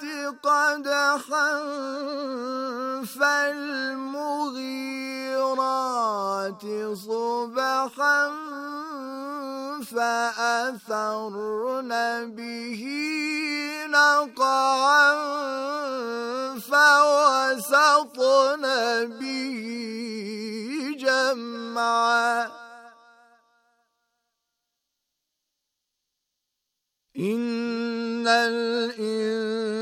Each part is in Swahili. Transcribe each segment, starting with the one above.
قدحا فالمغيرات صبحا فأثرن به نقعا فوسطن به جمعا إن الإنسان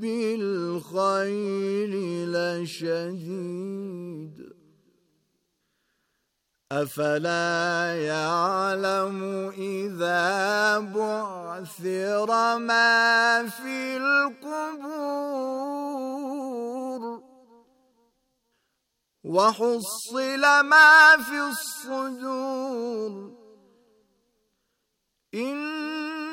بالخير لشديد أفلا يعلم إذا بعثر ما في القبور وحصل ما في الصدور إن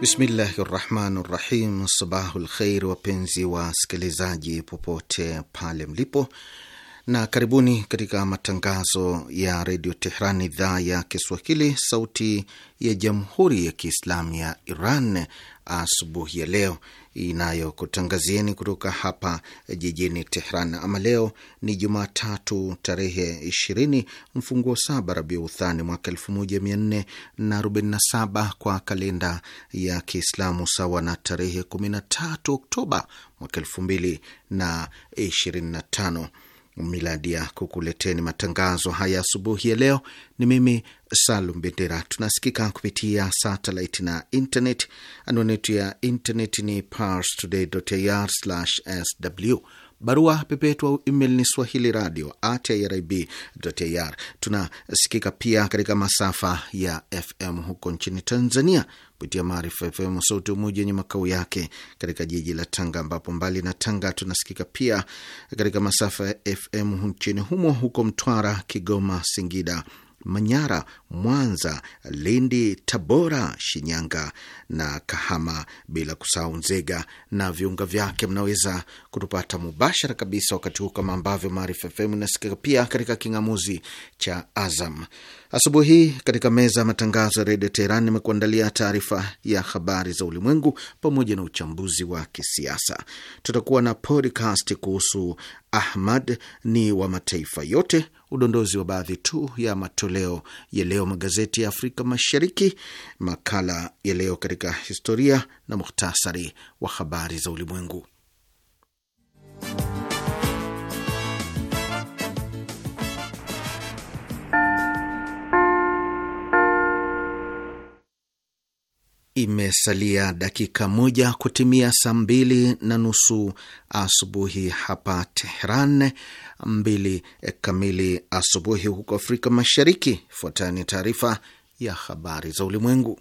Bismillahi rahmani rahim. Sabahu kheir, wapenzi sikilizaji popote pale mlipo, na karibuni katika matangazo ya redio Tehran, idhaa ya Kiswahili, sauti ya jamhuri ya kiislamu ya Iran. Asubuhi ya leo inayokutangazieni kutoka hapa jijini Tehran. Ama leo ni Jumatatu tarehe ishirini mfunguo saba Rabiuthani mwaka elfu moja mia nne na arobaini na saba kwa kalenda ya Kiislamu sawa na tarehe kumi na tatu Oktoba mwaka elfu mbili na ishirini na tano miladi ya kukuleteni matangazo haya asubuhi ya leo. Ni mimi Salum Bendera. Tunasikika kupitia satellite na internet. Anwani yetu ya internet ni parstoday.ir/sw. Barua pepe yetu au email ni swahili radio at irib.ir. Tunasikika pia katika masafa ya FM huko nchini Tanzania kupitia Maarifa FM Sauti Umoja wenye makao yake katika jiji la Tanga, ambapo mbali na Tanga tunasikika pia katika masafa ya FM nchini humo, huko Mtwara, Kigoma, Singida Manyara, Mwanza, Lindi, Tabora, Shinyanga na Kahama, bila kusahau Nzega na viunga vyake. Mnaweza kutupata mubashara kabisa wakati huu kama ambavyo Maarifa FM inasikika pia katika king'amuzi cha Azam. Asubuhi hii katika meza ya matangazo ya redio Teheran nimekuandalia taarifa ya habari za ulimwengu pamoja na uchambuzi wa kisiasa. Tutakuwa na podcast kuhusu Ahmad ni wa mataifa yote udondozi wa baadhi tu ya matoleo ya leo magazeti ya Afrika Mashariki, makala ya leo katika historia na muhtasari wa habari za ulimwengu. Imesalia dakika moja kutimia saa mbili na nusu asubuhi hapa Tehran, mbili kamili asubuhi huko Afrika Mashariki. Fuatayo ni taarifa ya habari za ulimwengu,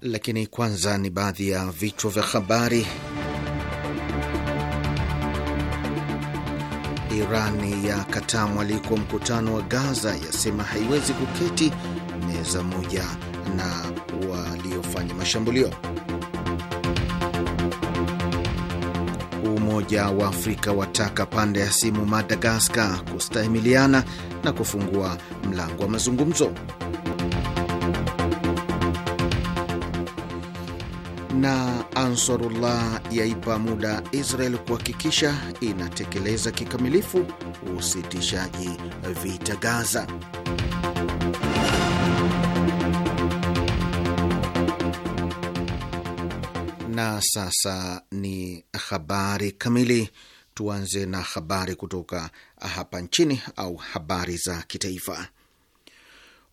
lakini kwanza ni baadhi ya vichwa vya habari. Iran kataa mwaliko mkutano wa Gaza, yasema haiwezi kuketi meza moja na waliofanya mashambulio. Umoja wa Afrika wataka pande ya simu Madagaskar kustahimiliana na kufungua mlango wa mazungumzo. na Ansarullah yaipa muda Israel kuhakikisha inatekeleza kikamilifu usitishaji vita Gaza. Na sasa ni habari kamili. Tuanze na habari kutoka hapa nchini au habari za kitaifa.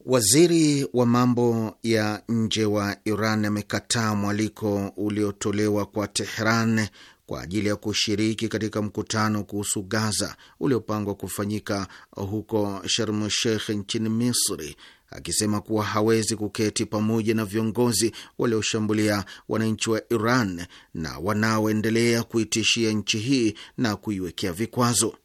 Waziri wa mambo ya nje wa Iran amekataa mwaliko uliotolewa kwa Tehran kwa ajili ya kushiriki katika mkutano kuhusu Gaza uliopangwa kufanyika huko Sharm Sheikh nchini Misri, akisema kuwa hawezi kuketi pamoja na viongozi walioshambulia wananchi wa Iran na wanaoendelea kuitishia nchi hii na kuiwekea vikwazo.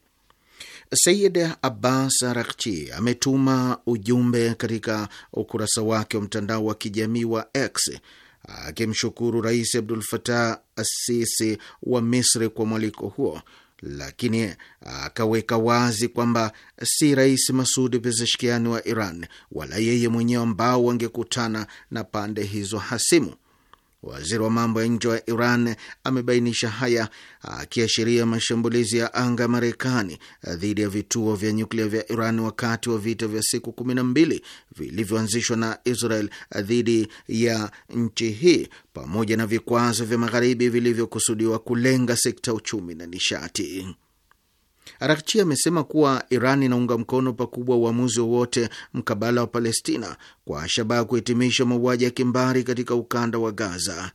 Sayid Abbas Arakchi ametuma ujumbe katika ukurasa wake wa mtandao wa kijamii wa X akimshukuru Rais Abdul Fatah Assisi wa Misri kwa mwaliko huo, lakini akaweka wazi kwamba si Rais Masudi Pezeshkiani wa Iran wala yeye mwenyewe ambao wangekutana na pande hizo hasimu. Waziri wa mambo ya nje wa Iran amebainisha haya akiashiria mashambulizi ya anga ya Marekani dhidi ya vituo vya nyuklia vya Iran wakati wa vita vya siku kumi na mbili vilivyoanzishwa na Israel dhidi ya nchi hii pamoja na vikwazo vya Magharibi vilivyokusudiwa kulenga sekta uchumi na nishati. Arakchi amesema kuwa Iran inaunga mkono pakubwa uamuzi wowote mkabala wa Palestina kwa shabaha kuhitimisha mauaji ya kimbari katika ukanda wa Gaza.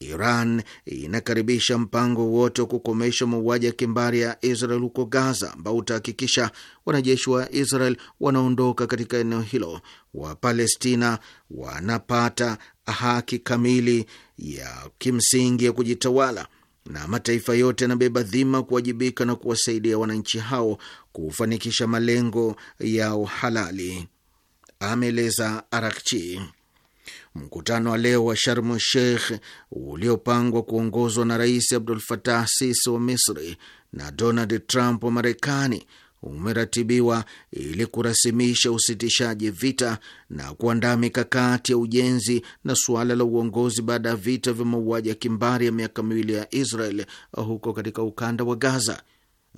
Iran inakaribisha mpango wote wa kukomesha mauaji ya kimbari ya Israel huko Gaza, ambao utahakikisha wanajeshi wa Israel wanaondoka katika eneo hilo, Wapalestina wanapata haki kamili ya kimsingi ya kujitawala na mataifa yote yanabeba dhima kuwajibika na kuwasaidia wananchi hao kufanikisha malengo yao halali, ameeleza Arakchi. Mkutano wa leo wa Sharmu Sheikh uliopangwa kuongozwa na Rais Abdul Fatah Sisi wa Misri na Donald Trump wa Marekani umeratibiwa ili kurasimisha usitishaji vita na kuandaa mikakati ya ujenzi na suala la uongozi baada ya vita vya mauaji ya kimbari ya miaka miwili ya Israel huko katika ukanda wa Gaza.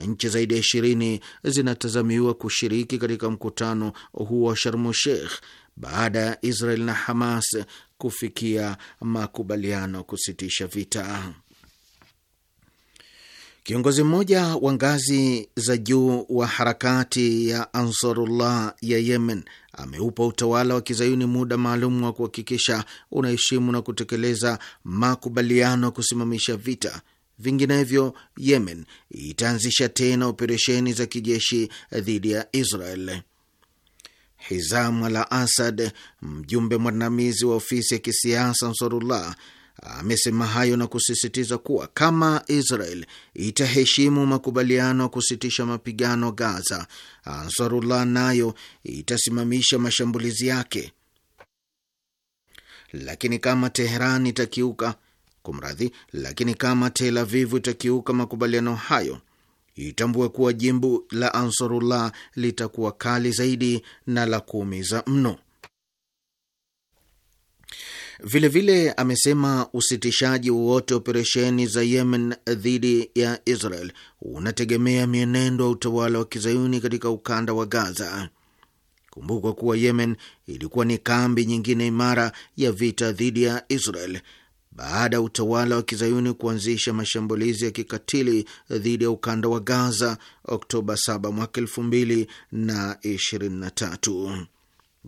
Nchi zaidi ya ishirini zinatazamiwa kushiriki katika mkutano huo wa Sharmu Sheikh baada ya Israel na Hamas kufikia makubaliano kusitisha vita. Kiongozi mmoja wa ngazi za juu wa harakati ya Ansarullah ya Yemen ameupa utawala wa kizayuni muda maalum wa kuhakikisha unaheshimu na kutekeleza makubaliano ya kusimamisha vita. Vinginevyo, Yemen itaanzisha tena operesheni za kijeshi dhidi ya Israel. Hizam al Asad, mjumbe mwandamizi wa ofisi ya kisiasa Ansarullah amesema hayo na kusisitiza kuwa kama Israel itaheshimu makubaliano ya kusitisha mapigano Gaza, Ansarullah nayo itasimamisha mashambulizi yake, lakini kama Teheran itakiuka kumradhi, lakini kama Tel Avivu itakiuka makubaliano hayo itambue kuwa jimbo la Ansarullah litakuwa kali zaidi na la kuumiza mno. Vilevile vile amesema usitishaji wowote operesheni za Yemen dhidi ya Israel unategemea mienendo ya utawala wa kizayuni katika ukanda wa Gaza. Kumbukwa kuwa Yemen ilikuwa ni kambi nyingine imara ya vita dhidi ya Israel baada ya utawala wa kizayuni kuanzisha mashambulizi ya kikatili dhidi ya ukanda wa Gaza Oktoba 7 mwaka 2023.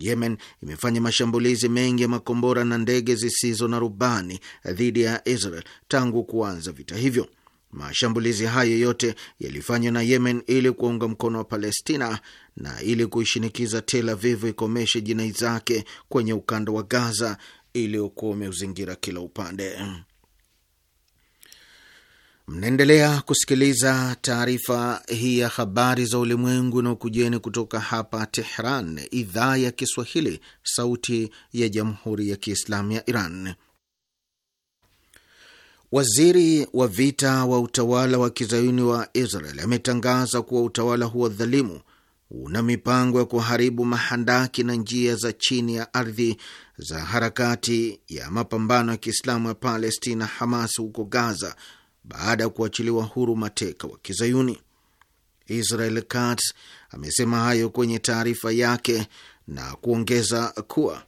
Yemen imefanya mashambulizi mengi ya makombora na ndege zisizo na rubani dhidi ya Israel tangu kuanza vita hivyo. Mashambulizi hayo yote yalifanywa na Yemen ili kuwaunga mkono wa Palestina na ili kuishinikiza Tel Avivu ikomeshe jinai zake kwenye ukanda wa Gaza iliyokuwa umeuzingira kila upande. Mnaendelea kusikiliza taarifa hii ya habari za ulimwengu na ukujeni kutoka hapa Tehran, idhaa ya Kiswahili, sauti ya jamhuri ya kiislamu ya Iran. Waziri wa vita wa utawala wa kizayuni wa Israel ametangaza kuwa utawala huo dhalimu una mipango ya kuharibu mahandaki na njia za chini ya ardhi za harakati ya mapambano ya kiislamu ya Palestina, Hamas, huko Gaza baada ya kuachiliwa huru mateka wa Kizayuni. Israel Katz amesema hayo kwenye taarifa yake na kuongeza kuwa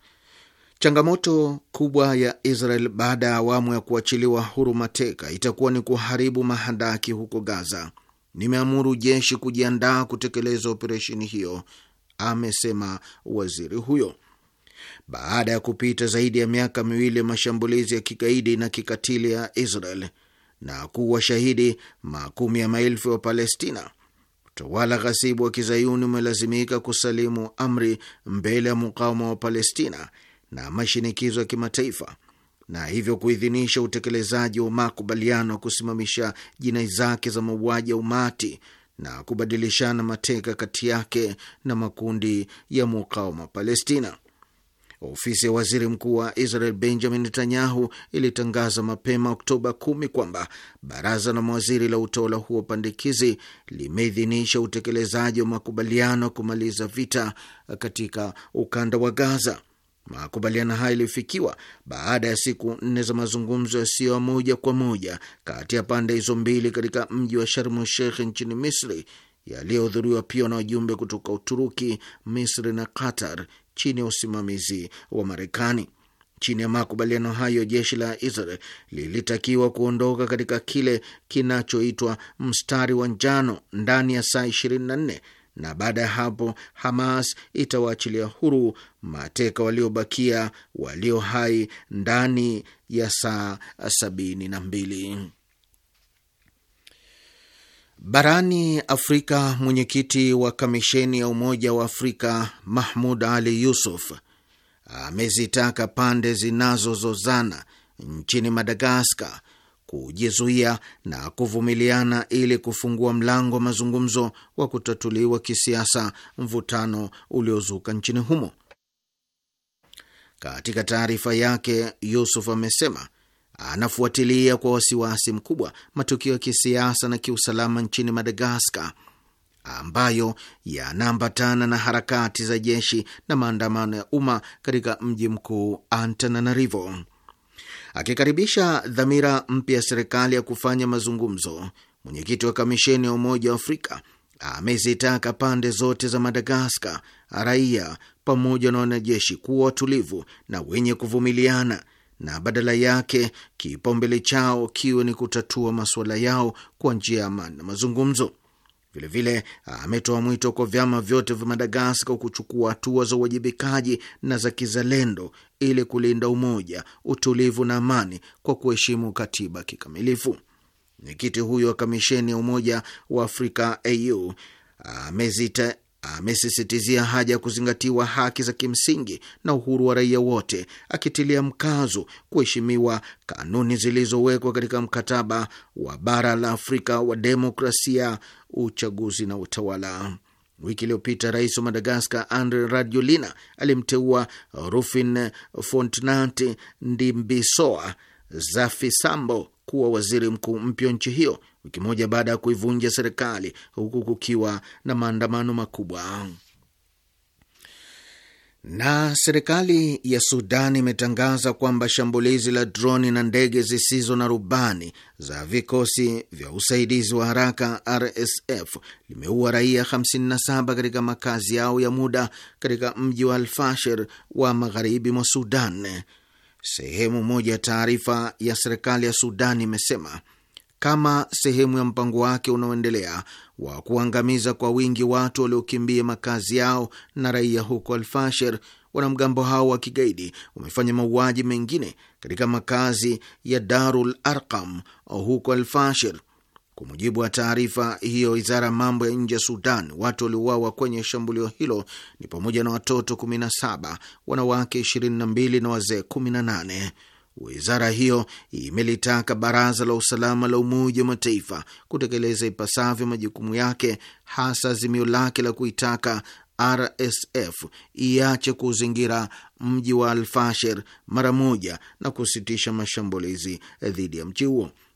changamoto kubwa ya Israel baada ya awamu ya kuachiliwa huru mateka itakuwa ni kuharibu mahandaki huko Gaza. Nimeamuru jeshi kujiandaa kutekeleza operesheni hiyo, amesema waziri huyo. Baada ya kupita zaidi ya miaka miwili ya mashambulizi ya kigaidi na kikatili ya Israel, na shahidi makumi ya maelfu ya Palestina, utawala ghasibu wa kizayuni umelazimika kusalimu amri mbele ya mukawama wa Palestina na mashinikizo ya kimataifa na hivyo kuidhinisha utekelezaji wa makubaliano ya kusimamisha jinai zake za mauaji ya umati na kubadilishana mateka kati yake na makundi ya mukawama Palestina. Ofisi ya waziri mkuu wa Israel Benjamin Netanyahu ilitangaza mapema Oktoba 10 kwamba baraza la mawaziri la utawala huo pandikizi limeidhinisha utekelezaji wa makubaliano ya kumaliza vita katika ukanda wa Gaza. Makubaliano hayo yalifikiwa baada ya siku nne za mazungumzo yasiyo ya moja kwa moja kati ya pande hizo mbili katika mji wa Sharmu Sheikh nchini Misri, yaliyohudhuriwa pia na wajumbe kutoka Uturuki, Misri na Qatar chini ya usimamizi wa Marekani. Chini ya makubaliano hayo, jeshi la Israel lilitakiwa kuondoka katika kile kinachoitwa mstari wa njano ndani ya saa 24 na baada ya hapo Hamas itawaachilia huru mateka waliobakia walio hai ndani ya saa sabini na mbili. Barani Afrika, mwenyekiti wa kamisheni ya Umoja wa Afrika Mahmud Ali Yusuf amezitaka pande zinazozozana nchini Madagaskar kujizuia na kuvumiliana ili kufungua mlango wa mazungumzo wa kutatuliwa kisiasa mvutano uliozuka nchini humo. Katika taarifa yake, Yusuf amesema anafuatilia kwa wasiwasi mkubwa matukio ya kisiasa na kiusalama nchini Madagaskar ambayo yanaambatana na harakati za jeshi na maandamano ya umma katika mji mkuu Antananarivo. Akikaribisha dhamira mpya ya serikali ya kufanya mazungumzo, mwenyekiti wa kamisheni ya Umoja wa Afrika amezitaka pande zote za Madagaskar, raia pamoja na wanajeshi, kuwa watulivu na wenye kuvumiliana na badala yake kipaumbele chao kiwe ni kutatua masuala yao kwa njia ya amani na mazungumzo. Vilevile ah, ametoa mwito kwa vyama vyote vya Madagaskar kuchukua hatua za uwajibikaji na za kizalendo ili kulinda umoja, utulivu na amani kwa kuheshimu katiba kikamilifu. Mwenyekiti huyo wa kamisheni ya Umoja wa Afrika au ah, amezita amesisitizia haja ya kuzingatiwa haki za kimsingi na uhuru wa raia wote, akitilia mkazo kuheshimiwa kanuni zilizowekwa katika mkataba wa bara la Afrika wa demokrasia, uchaguzi na utawala. Wiki iliyopita rais wa Madagaskar Andre Rajoelina alimteua Rufin fontnant Ndimbisoa zafisambo Sambo kuwa waziri mkuu mpya nchi hiyo wiki moja baada ya kuivunja serikali huku kukiwa na maandamano makubwa. Na serikali ya Sudan imetangaza kwamba shambulizi la droni na ndege zisizo na rubani za vikosi vya usaidizi wa haraka RSF limeua raia 57 katika makazi yao ya muda katika mji wa Alfashir wa magharibi mwa Sudan. Sehemu moja ya taarifa ya serikali ya Sudan imesema kama sehemu ya mpango wake unaoendelea wa kuangamiza kwa wingi watu waliokimbia makazi yao na raia huko Alfashir, wanamgambo hao wa kigaidi wamefanya mauaji mengine katika makazi ya Darul Arqam huko Alfashir. Kwa mujibu wa taarifa hiyo, wizara ya mambo ya nje ya Sudan, watu waliouawa kwenye shambulio hilo ni pamoja na watoto 17, wanawake 22 na wazee 18. Wizara hiyo imelitaka Baraza la Usalama la Umoja wa Mataifa kutekeleza ipasavyo majukumu yake, hasa azimio lake la kuitaka RSF iache kuzingira mji wa Alfasher mara moja na kusitisha mashambulizi dhidi ya mji huo.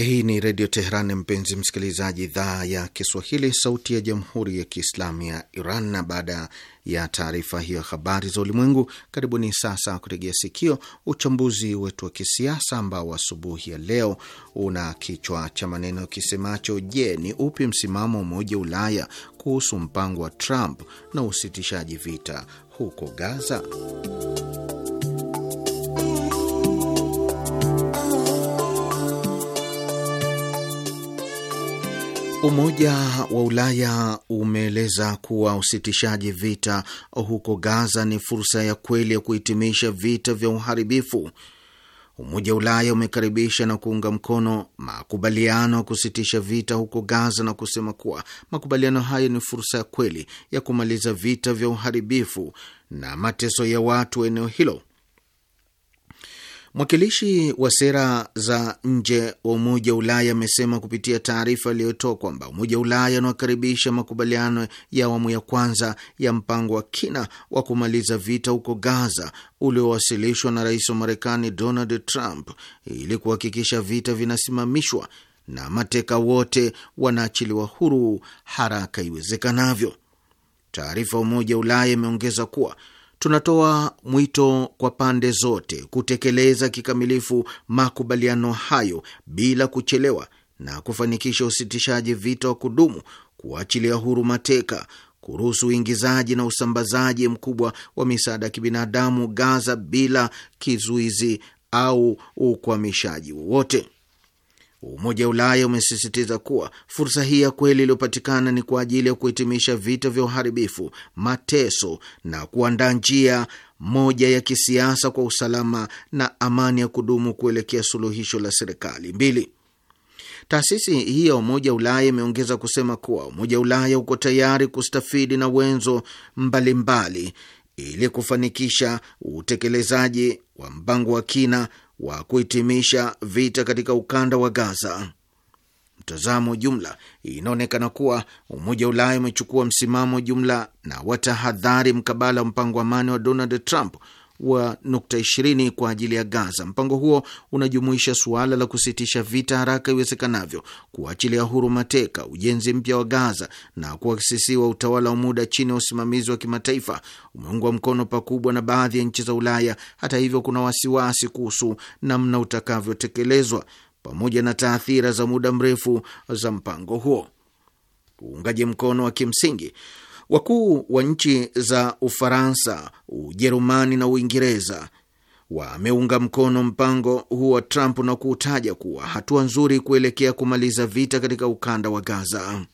Eh, hii ni Redio Teheran, mpenzi msikilizaji, idhaa ya Kiswahili, sauti ya jamhuri ya kiislamu ya Iran. Na baada ya taarifa hiyo ya habari za ulimwengu, karibuni sasa kutegea sikio uchambuzi wetu wa kisiasa ambao asubuhi ya leo una kichwa cha maneno kisemacho: Je, ni upi msimamo wa Umoja wa Ulaya kuhusu mpango wa Trump na usitishaji vita huko Gaza? Umoja wa Ulaya umeeleza kuwa usitishaji vita huko Gaza ni fursa ya kweli ya kuhitimisha vita vya uharibifu. Umoja wa Ulaya umekaribisha na kuunga mkono makubaliano ya kusitisha vita huko Gaza na kusema kuwa makubaliano hayo ni fursa ya kweli ya kumaliza vita vya uharibifu na mateso ya watu wa eneo hilo Mwakilishi wa sera za nje wa Umoja wa Ulaya amesema kupitia taarifa iliyotoa kwamba Umoja wa Ulaya unakaribisha makubaliano ya awamu ya kwanza ya mpango wa kina wa kumaliza vita huko Gaza uliowasilishwa na rais wa Marekani Donald Trump ili kuhakikisha vita vinasimamishwa na mateka wote wanaachiliwa huru haraka iwezekanavyo. Taarifa ya Umoja wa Ulaya imeongeza kuwa tunatoa mwito kwa pande zote kutekeleza kikamilifu makubaliano hayo bila kuchelewa na kufanikisha usitishaji vita wa kudumu, kuachilia huru mateka, kuruhusu uingizaji na usambazaji mkubwa wa misaada ya kibinadamu Gaza bila kizuizi au ukwamishaji wowote. Umoja wa Ulaya umesisitiza kuwa fursa hii ya kweli iliyopatikana ni kwa ajili ya kuhitimisha vita vya uharibifu, mateso na kuandaa njia moja ya kisiasa kwa usalama na amani ya kudumu kuelekea suluhisho la serikali mbili. Taasisi hii ya Umoja wa Ulaya imeongeza kusema kuwa Umoja wa Ulaya uko tayari kustafidi na wenzo mbalimbali ili kufanikisha utekelezaji wa mpango wa kina wa kuhitimisha vita katika ukanda wa Gaza. Mtazamo jumla, inaonekana kuwa Umoja wa Ulaya umechukua msimamo jumla na watahadhari mkabala wa mpango amani wa Donald Trump wa nukta ishirini kwa ajili ya Gaza. Mpango huo unajumuisha suala la kusitisha vita haraka iwezekanavyo, kuachilia huru mateka, ujenzi mpya wa Gaza na kuasisiwa utawala wa muda chini ya usimamizi wa kimataifa. Umeungwa mkono pakubwa na baadhi ya nchi za Ulaya. Hata hivyo, kuna wasiwasi kuhusu namna utakavyotekelezwa pamoja na taathira za muda mrefu za mpango huo. Uungaji mkono wa kimsingi Wakuu wa nchi za Ufaransa, Ujerumani na Uingereza wameunga mkono mpango huo wa Trump na kuutaja kuwa hatua nzuri kuelekea kumaliza vita katika ukanda wa Gaza.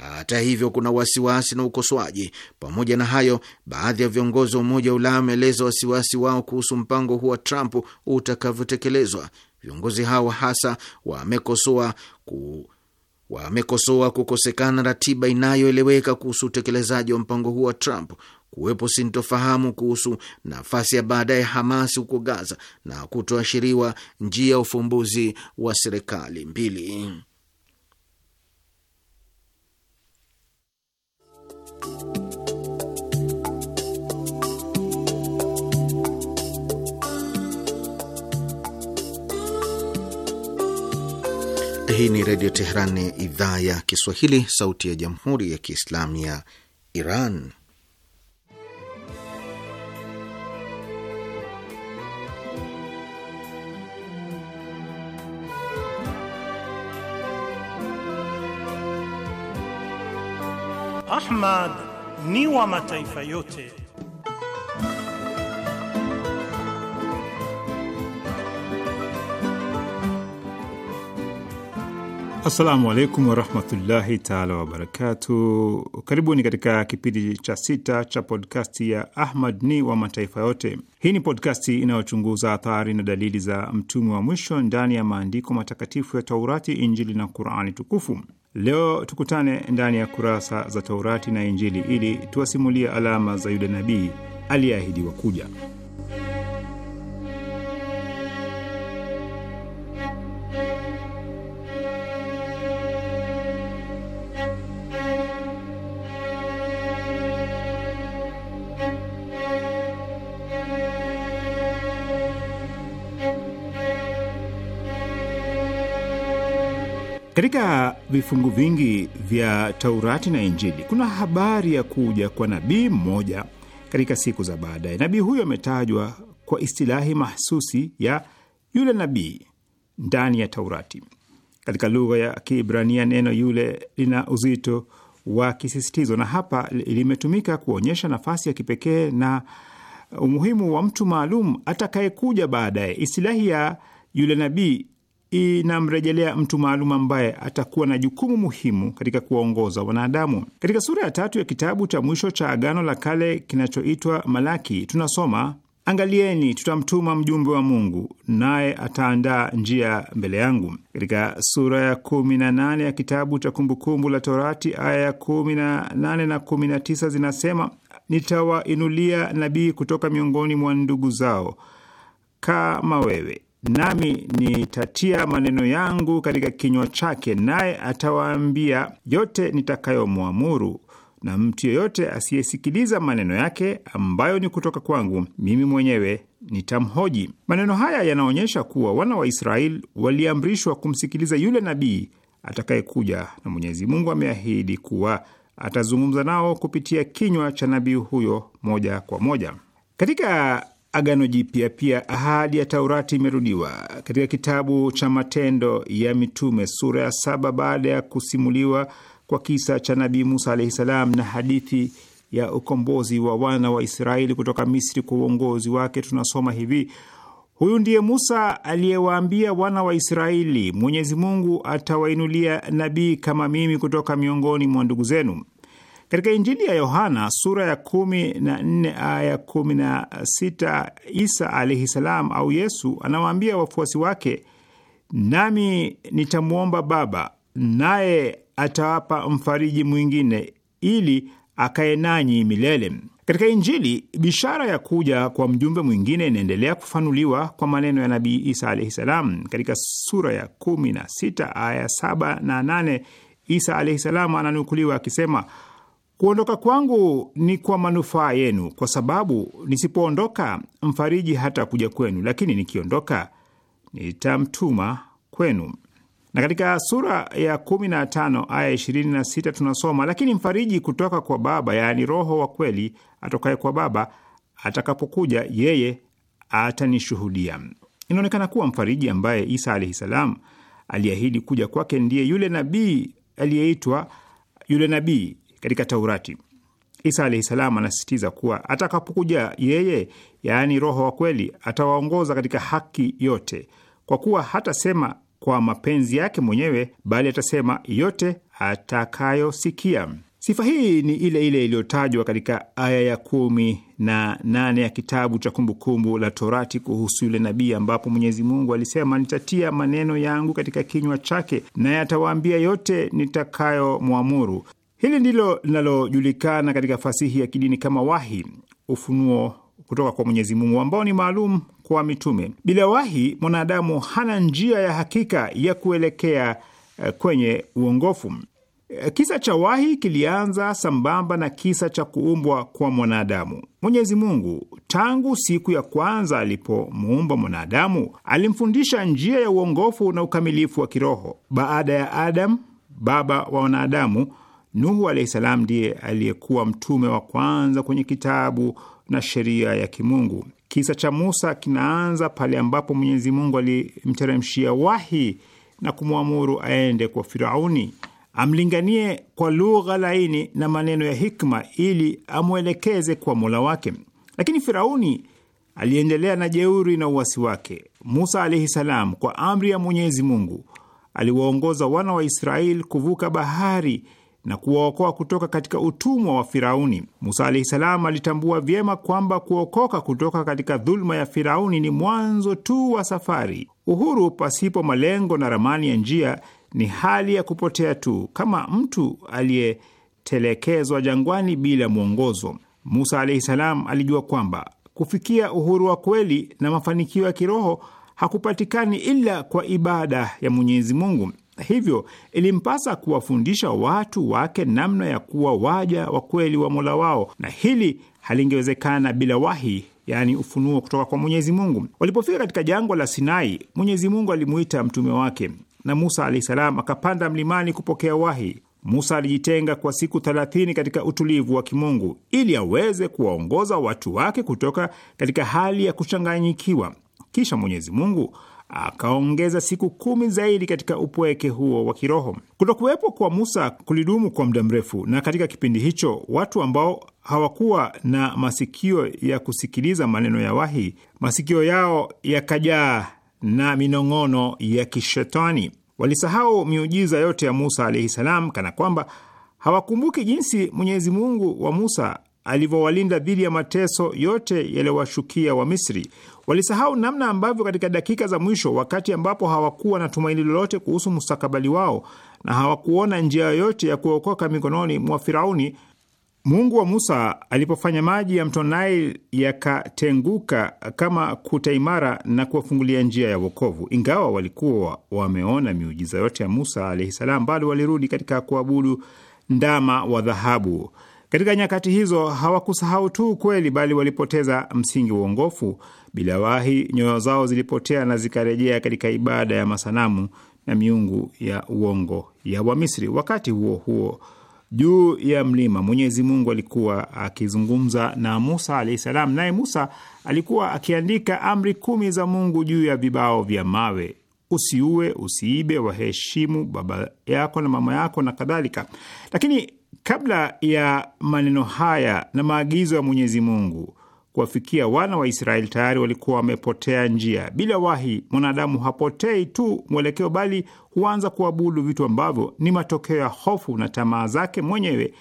Hata hivyo, kuna wasiwasi na ukosoaji. Pamoja na hayo, baadhi ya viongozi wa Umoja wa Ulaya wameeleza wasiwasi wao kuhusu mpango huo wa Trump utakavyotekelezwa. Viongozi hao hasa wamekosoa ku wamekosoa kukosekana ratiba inayoeleweka kuhusu utekelezaji wa mpango huo wa Trump, kuwepo sintofahamu kuhusu nafasi ya baadaye Hamas huko Gaza na kutoashiriwa njia ya ufumbuzi wa serikali mbili. Hii ni Redio Teheran, idhaa ya Kiswahili, sauti ya Jamhuri ya Kiislamu ya Iran. Ahmad ni wa mataifa yote. Assalamu alaikum warahmatullahi taala wabarakatu. Karibuni katika kipindi cha sita cha podkasti ya Ahmad ni wa mataifa yote. Hii ni podkasti inayochunguza athari na dalili za mtume wa mwisho ndani ya maandiko matakatifu ya Taurati, Injili na Qurani Tukufu. Leo tukutane ndani ya kurasa za Taurati na Injili ili tuwasimulie alama za yule nabii aliyeahidiwa kuja. Katika vifungu vingi vya Taurati na Injili kuna habari ya kuja kwa nabii mmoja katika siku za baadaye. Nabii huyo ametajwa kwa istilahi mahsusi ya yule nabii ndani ya Taurati. Katika lugha ya Kiibrania neno yule lina uzito wa kisisitizo, na hapa limetumika kuonyesha nafasi ya kipekee na umuhimu wa mtu maalum atakayekuja baadaye. Istilahi ya yule nabii inamrejelea mtu maalum ambaye atakuwa na jukumu muhimu katika kuwaongoza wanadamu. Katika sura ya tatu ya kitabu cha mwisho cha Agano la Kale kinachoitwa Malaki tunasoma Angalieni, tutamtuma mjumbe wa Mungu, naye ataandaa njia mbele yangu. Katika sura ya kumi na nane ya kitabu cha Kumbukumbu la Torati aya ya kumi na nane na kumi na tisa zinasema, nitawainulia nabii kutoka miongoni mwa ndugu zao kama wewe, nami nitatia maneno yangu katika kinywa chake, naye atawaambia yote nitakayomwamuru. Na mtu yeyote asiyesikiliza maneno yake ambayo ni kutoka kwangu mimi mwenyewe nitamhoji. Maneno haya yanaonyesha kuwa wana wa Israeli waliamrishwa kumsikiliza yule nabii atakayekuja, na Mwenyezi Mungu ameahidi kuwa atazungumza nao kupitia kinywa cha nabii huyo moja kwa moja. Katika Agano Jipya pia ahadi ya Taurati imerudiwa katika kitabu cha Matendo ya Mitume sura ya saba baada ya kusimuliwa kwa kisa cha Nabii Musa alaihi salam na hadithi ya ukombozi wa wana wa Israeli kutoka Misri kwa uongozi wake, tunasoma hivi: huyu ndiye Musa aliyewaambia wana wa Israeli, Mwenyezi Mungu atawainulia nabii kama mimi kutoka miongoni mwa ndugu zenu. Katika Injili ya Yohana sura ya kumi na nne aya kumi na sita Isa alaihi salam au Yesu anawaambia wafuasi wake, nami nitamwomba Baba naye atawapa mfariji mwingine ili akae nanyi milele. Katika Injili bishara ya kuja kwa mjumbe mwingine inaendelea kufanuliwa kwa maneno ya Nabii Isa alaihi salam. Katika sura ya kumi na sita aya saba na nane Isa alaihi salam ananukuliwa akisema Kuondoka kwangu ni kwa manufaa yenu, kwa sababu nisipoondoka mfariji hata kuja kwenu, lakini nikiondoka nitamtuma kwenu. Na katika sura ya 15 aya 26 tunasoma, lakini mfariji kutoka kwa Baba, yaani Roho wa kweli atokaye kwa Baba, atakapokuja yeye atanishuhudia. Inaonekana kuwa mfariji ambaye Isa alahi salam aliahidi kuja kwake ndiye yule nabii aliyeitwa yule nabii katika Taurati. Isa alahi salam anasisitiza kuwa atakapokuja yeye, yaani Roho wa kweli, atawaongoza katika haki yote, kwa kuwa hatasema kwa mapenzi yake mwenyewe, bali atasema yote atakayosikia. Sifa hii ni ile ile iliyotajwa katika aya ya kumi na nane ya kitabu cha Kumbukumbu la Torati kuhusu yule nabii, ambapo Mwenyezi Mungu alisema, nitatia maneno yangu katika kinywa chake, naye atawaambia yote nitakayomwamuru. Hili ndilo linalojulikana katika fasihi ya kidini kama wahi, ufunuo kutoka kwa Mwenyezi Mungu ambao ni maalum kwa mitume. Bila wahi, mwanadamu hana njia ya hakika ya kuelekea eh, kwenye uongofu. Eh, kisa cha wahi kilianza sambamba na kisa cha kuumbwa kwa mwanadamu. Mwenyezi Mungu tangu siku ya kwanza alipomuumba mwanadamu alimfundisha njia ya uongofu na ukamilifu wa kiroho. Baada ya Adam, baba wa wanadamu Nuhu alahi salam ndiye aliyekuwa mtume wa kwanza kwenye kitabu na sheria ya Kimungu. Kisa cha Musa kinaanza pale ambapo Mwenyezi Mungu alimteremshia wahi na kumwamuru aende kwa Firauni amlinganie kwa lugha laini na maneno ya hikma ili amwelekeze kwa mola wake, lakini Firauni aliendelea na jeuri na uwasi wake. Musa alaihi salam, kwa amri ya Mwenyezi Mungu, aliwaongoza wana wa Israeli kuvuka bahari na kuwaokoa kutoka katika utumwa wa Firauni. Musa alahi salam alitambua vyema kwamba kuokoka kutoka katika dhuluma ya Firauni ni mwanzo tu wa safari. Uhuru pasipo malengo na ramani ya njia ni hali ya kupotea tu, kama mtu aliyetelekezwa jangwani bila mwongozo. Musa alahi salam alijua kwamba kufikia uhuru wa kweli na mafanikio ya kiroho hakupatikani ila kwa ibada ya Mwenyezi Mungu. Hivyo ilimpasa kuwafundisha watu wake namna ya kuwa waja wa kweli wa Mola wao, na hili halingewezekana bila wahi yaani ufunuo kutoka kwa Mwenyezi Mungu. Walipofika katika jangwa la Sinai, Mwenyezi Mungu alimuita mtume wake na Musa alahi salam akapanda mlimani kupokea wahi. Musa alijitenga kwa siku thelathini katika utulivu wa kimungu ili aweze kuwaongoza watu wake kutoka katika hali ya kuchanganyikiwa. Kisha Mwenyezi Mungu akaongeza siku kumi zaidi katika upweke huo wa kiroho. Kutokuwepo kwa Musa kulidumu kwa muda mrefu, na katika kipindi hicho watu ambao hawakuwa na masikio ya kusikiliza maneno ya wahi, masikio yao yakajaa na minong'ono ya kishetani. Walisahau miujiza yote ya Musa alaihi salam, kana kwamba hawakumbuki jinsi Mwenyezi Mungu wa Musa alivyowalinda dhidi ya mateso yote yaliyowashukia Wamisri. Walisahau namna ambavyo katika dakika za mwisho, wakati ambapo hawakuwa na tumaini lolote kuhusu mustakabali wao na hawakuona njia yoyote ya kuokoka mikononi mwa Firauni, Mungu wa Musa alipofanya maji ya mto Nile yakatenguka kama kuta imara na kuwafungulia njia ya wokovu. Ingawa walikuwa wameona miujiza yote ya Musa alaihi bado walirudi katika kuabudu ndama wa dhahabu. Katika nyakati hizo hawakusahau tu ukweli, bali walipoteza msingi wa uongofu. Bila wahi, nyoyo zao zilipotea na zikarejea katika ibada ya masanamu na miungu ya uongo ya Wamisri. Wakati huo huo, juu ya mlima, Mwenyezi Mungu alikuwa akizungumza na Musa alahi salam, naye Musa alikuwa akiandika amri kumi za Mungu juu ya vibao vya mawe: usiue, usiibe, waheshimu baba yako na mama yako na kadhalika. Lakini Kabla ya maneno haya na maagizo ya Mwenyezi Mungu kuwafikia wana wa Israeli, tayari walikuwa wamepotea njia. Bila wahi, mwanadamu hapotei tu mwelekeo, bali huanza kuabudu vitu ambavyo ni matokeo ya hofu na tamaa zake mwenyewe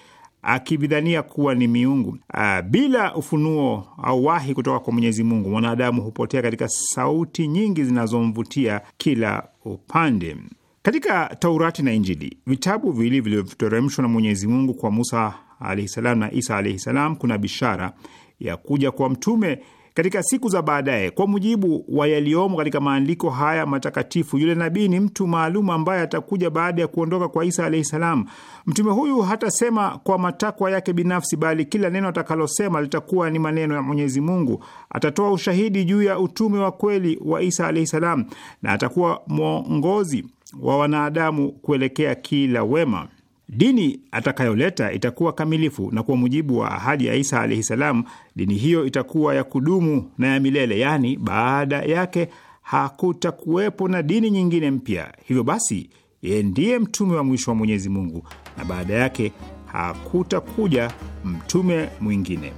akividhania kuwa ni miungu. Ah, bila ufunuo au wahi kutoka kwa Mwenyezi Mungu, mwanadamu hupotea katika sauti nyingi zinazomvutia kila upande. Katika Taurati na Injili, vitabu viwili vilivyoteremshwa na Mwenyezi Mungu kwa Musa alahi salam na Isa alaihi salam, kuna bishara ya kuja kwa mtume katika siku za baadaye. Kwa mujibu wa yaliyomo katika maandiko haya matakatifu, yule nabii ni mtu maalum ambaye atakuja baada ya kuondoka kwa Isa alahi salam. Mtume huyu hatasema kwa matakwa yake binafsi, bali kila neno atakalosema litakuwa ni maneno ya Mwenyezi Mungu. Atatoa ushahidi juu ya utume wa kweli wa Isa alahi salam na atakuwa mwongozi wa wanadamu kuelekea kila wema. Dini atakayoleta itakuwa kamilifu, na kwa mujibu wa ahadi ya Isa alaihi salam, dini hiyo itakuwa ya kudumu na ya milele, yaani baada yake hakutakuwepo na dini nyingine mpya. Hivyo basi, yeye ndiye mtume wa mwisho wa Mwenyezi Mungu, na baada yake hakutakuja mtume mwingine.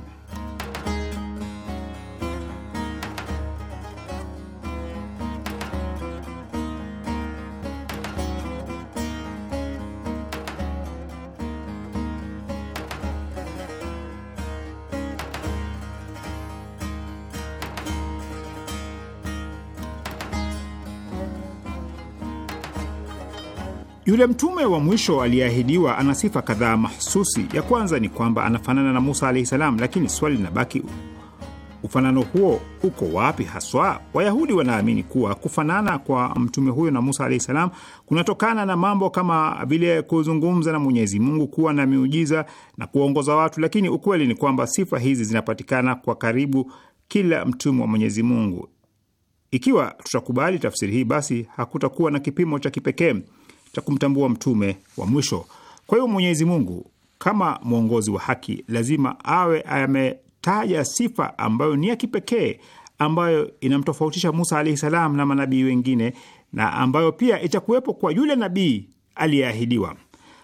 Yule mtume wa mwisho aliyeahidiwa ana sifa kadhaa mahsusi. Ya kwanza ni kwamba anafanana na Musa alahi salam, lakini swali linabaki, ufanano huo uko wapi haswa? Wayahudi wanaamini kuwa kufanana kwa mtume huyo na Musa alahi salam kunatokana na mambo kama vile kuzungumza na Mwenyezi Mungu, kuwa na miujiza na kuongoza watu, lakini ukweli ni kwamba sifa hizi zinapatikana kwa karibu kila mtume wa Mwenyezi Mungu. Ikiwa tutakubali tafsiri hii, basi hakutakuwa na kipimo cha kipekee cha kumtambua mtume wa mwisho. Kwa hiyo Mwenyezi Mungu kama mwongozi wa haki lazima awe ametaja sifa ambayo ni ya kipekee ambayo inamtofautisha Musa alahi salam na manabii wengine na ambayo pia itakuwepo kwa yule nabii aliyeahidiwa.